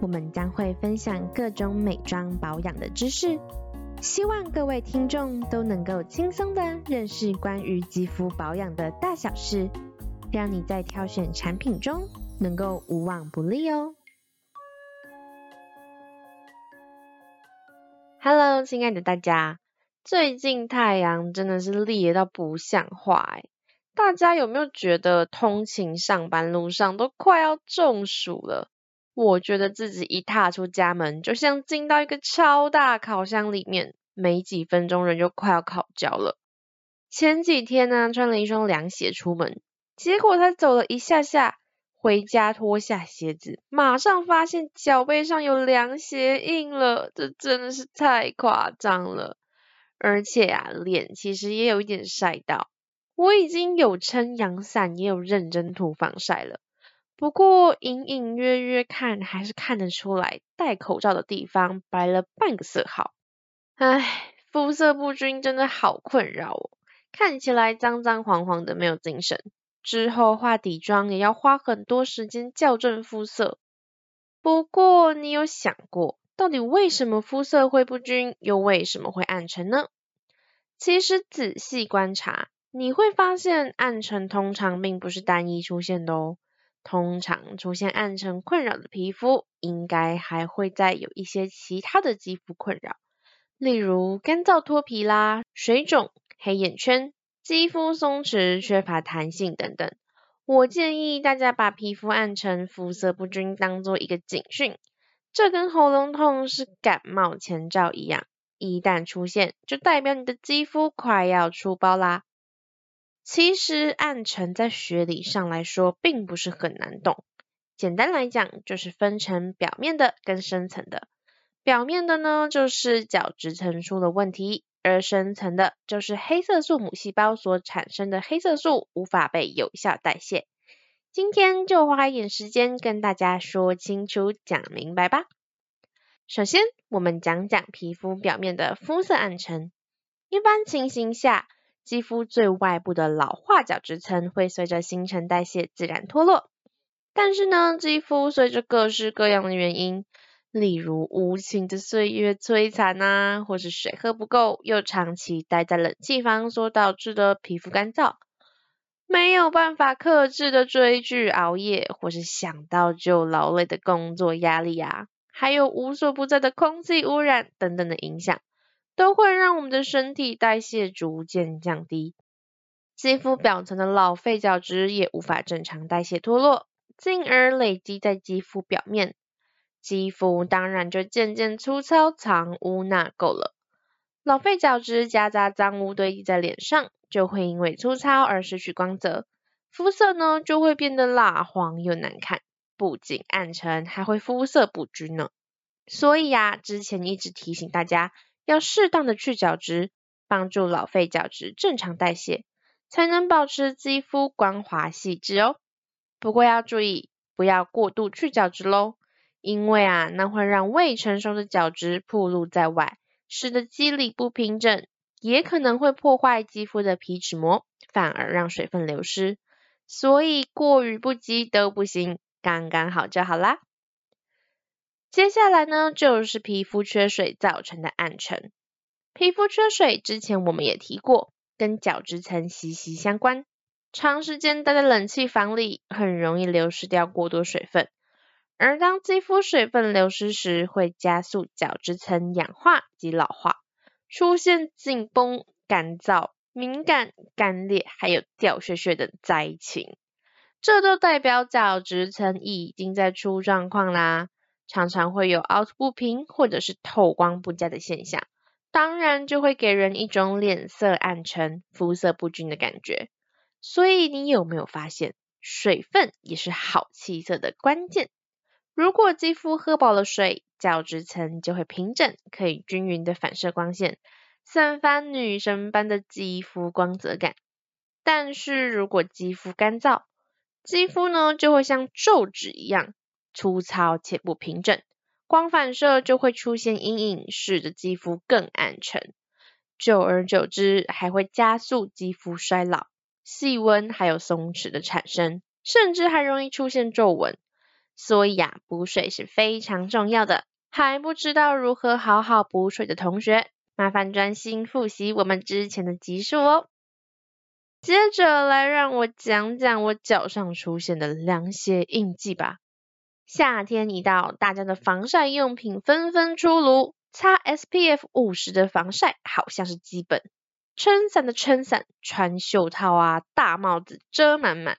我們將會分享各種美妝保養的知識，希望各位聽眾都能夠輕鬆地認識關於肌膚保養的大小事，讓你在挑選產品中能夠無往不利哦。Hello，親愛的大家，最近太陽真的是烈到不像話，哎，大家有沒有覺得通勤上班路上都快要中暑了？我覺得自己一踏出家門，就像進到一個超大烤箱裡面，沒幾分鐘人就快要烤焦了。前幾天呢，穿了一雙涼鞋出門，結果才走了一下下，回家脫下鞋子，馬上發現腳背上有涼鞋印了，這真的是太誇張了。而且啊，臉其實也有一點曬到，我已經有撐陽傘，也有認真塗防曬了。不過隱隱約約看還是看得出來，戴口罩的地方白了半個色號。唉，膚色不均真的好困擾哦，看起來髒髒黃黃的，沒有精神。之後畫底妝也要花很多時間校正膚色。不過你有想過，到底為什麼膚色會不均，又為什麼會暗沉呢？其實仔細觀察，你會發現暗沉通常並不是單一出現的哦。通常出現暗沉困擾的皮膚，應該還會再有一些其他的肌膚困擾，例如乾燥脫皮啦、水腫、黑眼圈、肌膚鬆弛、缺乏彈性等等。我建議大家把皮膚暗沉、膚色不均當作一個警訊，這跟喉嚨痛是感冒前兆一樣，一旦出現，就代表你的肌膚快要出包啦。其實暗沉在學理上來說，並不是很難懂。簡單來講，就是分成表面的跟深層的。表面的呢，就是角質層出了問題；而深層的，就是黑色素母細胞所產生的黑色素無法被有效代謝。今天就花一點時間跟大家說清楚、講明白吧。首先，我們講講皮膚表面的膚色暗沉。一般情形下，肌膚最外部的老化角質層會隨着新陳代謝自然脫落，但是呢，肌膚隨着各式各樣的原因，例如無情的歲月摧殘啊，或是水喝不夠，又長期待在冷氣房所導致的皮膚乾燥，沒有辦法克制的追劇熬夜，或是想到就勞累的工作壓力啊，還有無所不在的空氣污染等等的影響。都會讓我們的身體代謝逐漸降低，肌膚表層的老廢角質也無法正常代謝脫落，進而累積在肌膚表面，肌膚當然就漸漸粗糙藏污納垢了。老廢角質夾雜髒污堆積在臉上，就會因為粗糙而失去光澤，膚色呢就會變得蠟黃又難看，不僅暗沉，還會膚色不均呢。所以啊，之前一直提醒大家。要適當的去角質，幫助老廢角質正常代謝，才能保持肌膚光滑細致哦。不過要注意，不要過度去角質嘍，因為啊，那會讓未成熟的角質暴露在外，使得肌理不平整，也可能會破壞肌膚的皮脂膜，反而讓水分流失。所以過於不及都不行，剛剛好就好啦。接下來呢，就是皮膚缺水造成的暗沉。皮膚缺水之前我們也提過，跟角質層息息相關。長時間待在冷氣房裡，很容易流失掉過多水分。而當肌膚水分流失時，會加速角質層氧化及老化，出現緊繃、乾燥、敏感、乾裂，還有掉屑屑的災情。這都代表角質層已已經在出狀況啦。常常會有凹凸不平或者是透光不佳的現象，當然就會給人一種臉色暗沉、膚色不均的感覺。所以你有沒有發現，水分也是好氣色的關鍵？如果肌膚喝飽了水，角質層就會平整，可以均勻的反射光線，散發女神般的肌膚光澤感。但是如果肌膚乾燥，肌膚呢就會像皺紙一樣。粗糙且不平整，光反射就會出現陰影，使得肌膚更暗沉。久而久之，還會加速肌膚衰老、細紋還有鬆弛的產生，甚至還容易出現皺紋。所以啊，補水是非常重要的。還不知道如何好好補水的同學，麻煩專心復習我們之前的集數哦。接着來讓我講講我腳上出現的涼鞋印記吧。夏天一到，大家的防曬用品紛紛出爐。擦 SPF 五十的防曬好像是基本。撐傘的撐傘，穿袖套啊，大帽子遮滿滿。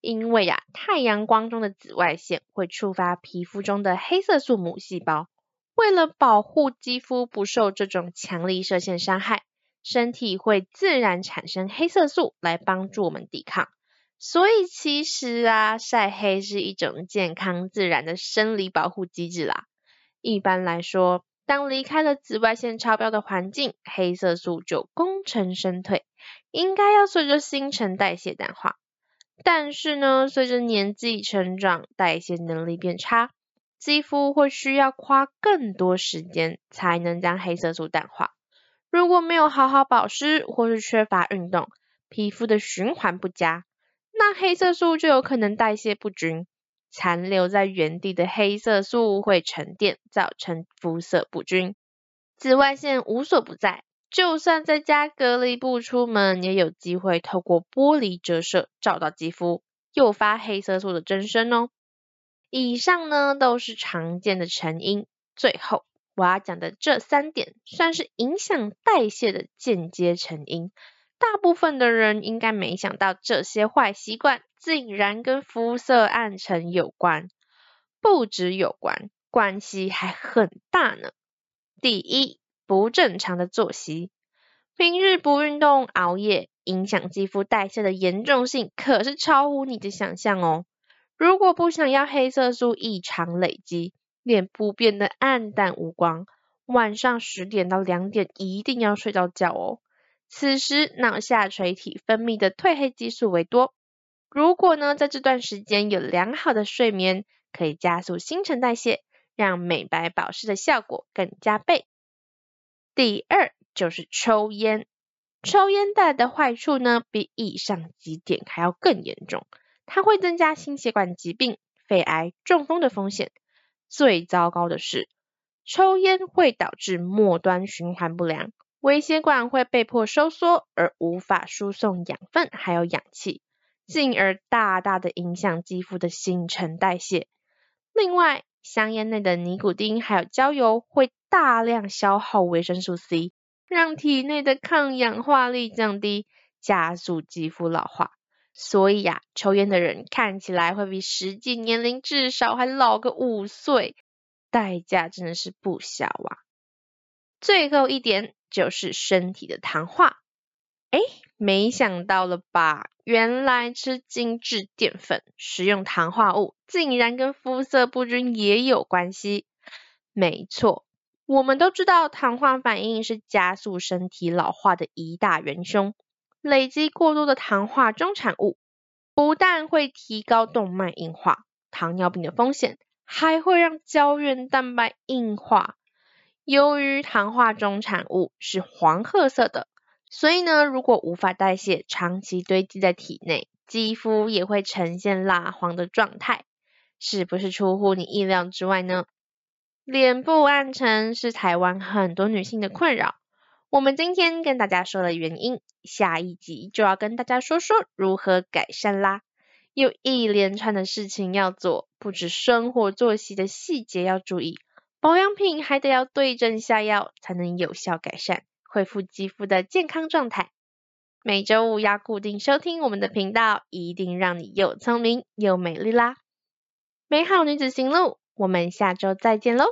因為啊，太陽光中的紫外線會觸發皮膚中的黑色素母細胞，為了保護肌膚不受這種強力射線傷害，身體會自然產生黑色素來幫助我們抵抗。所以其實啊，曬黑是一種健康自然的生理保護機制啦。一般來說，當離開了紫外線超標的環境，黑色素就功成身退，應該要隨着新陳代謝淡化。但是呢，隨着年紀成長，代謝能力變差，肌膚會需要花更多時間才能將黑色素淡化。如果沒有好好保濕，或是缺乏運動，皮膚的循環不佳。那黑色素就有可能代謝不均，殘留在原地的黑色素會沉澱，造成膚色不均。紫外線無所不在，就算在家隔離不出門，也有機會透過玻璃折射照到肌膚，誘發黑色素的增生哦。以上呢都是常見的成因，最後我要講的這三點算是影響代謝的間接成因。大部分的人應該沒想到，這些壞習慣竟然跟膚色暗沉有關，不止有關，關係還很大呢。第一，不正常的作息，平日不運動、熬夜，影響肌膚代謝的嚴重性可是超乎你的想象哦。如果不想要黑色素異常累積，臉部變得暗淡無光，晚上十點到兩點一定要睡到覺哦。此時，腦下垂體分泌的褪黑激素為多。如果呢，在這段時間有良好的睡眠，可以加速新陳代謝，讓美白保濕的效果更加倍。第二就是抽菸，抽菸帶來的壞處呢，比以上幾點還要更嚴重。它會增加心血管疾病、肺癌、中風的風險。最糟糕的是，抽菸會導致末端循環不良。微血管會被迫收縮，而無法輸送養分還有氧氣，進而大大的影響肌膚的新陳代謝。另外，香菸內的尼古丁還有焦油會大量消耗維生素 C，讓體內的抗氧化力降低，加速肌膚老化。所以呀、啊，抽菸的人看起來會比實際年齡至少還老個五歲，代價真的是不小啊。最後一點。就是身體的糖化，誒，沒想到了吧？原來吃精製澱粉、食用糖化物，竟然跟膚色不均也有關係。沒錯，我們都知道糖化反應是加速身體老化的一大元凶，累積過多的糖化中產物，不但會提高動脈硬化、糖尿病的風險，還會讓膠原蛋白硬化。由於糖化終產物是黃褐色的，所以呢，如果無法代謝，長期堆積在體內，肌膚也會呈現蠟黃的狀態。是不是出乎你意料之外呢？臉部暗沉是台灣很多女性的困擾，我們今天跟大家說了原因，下一集就要跟大家說說如何改善啦。有一連串的事情要做，不止生活作息的細節要注意。保養品還得要對症下藥，才能有效改善、恢復肌膚的健康狀態。每周五要固定收聽我們的頻道，一定讓你又聰明又美麗啦！美好女子行路，我們下周再見嘍！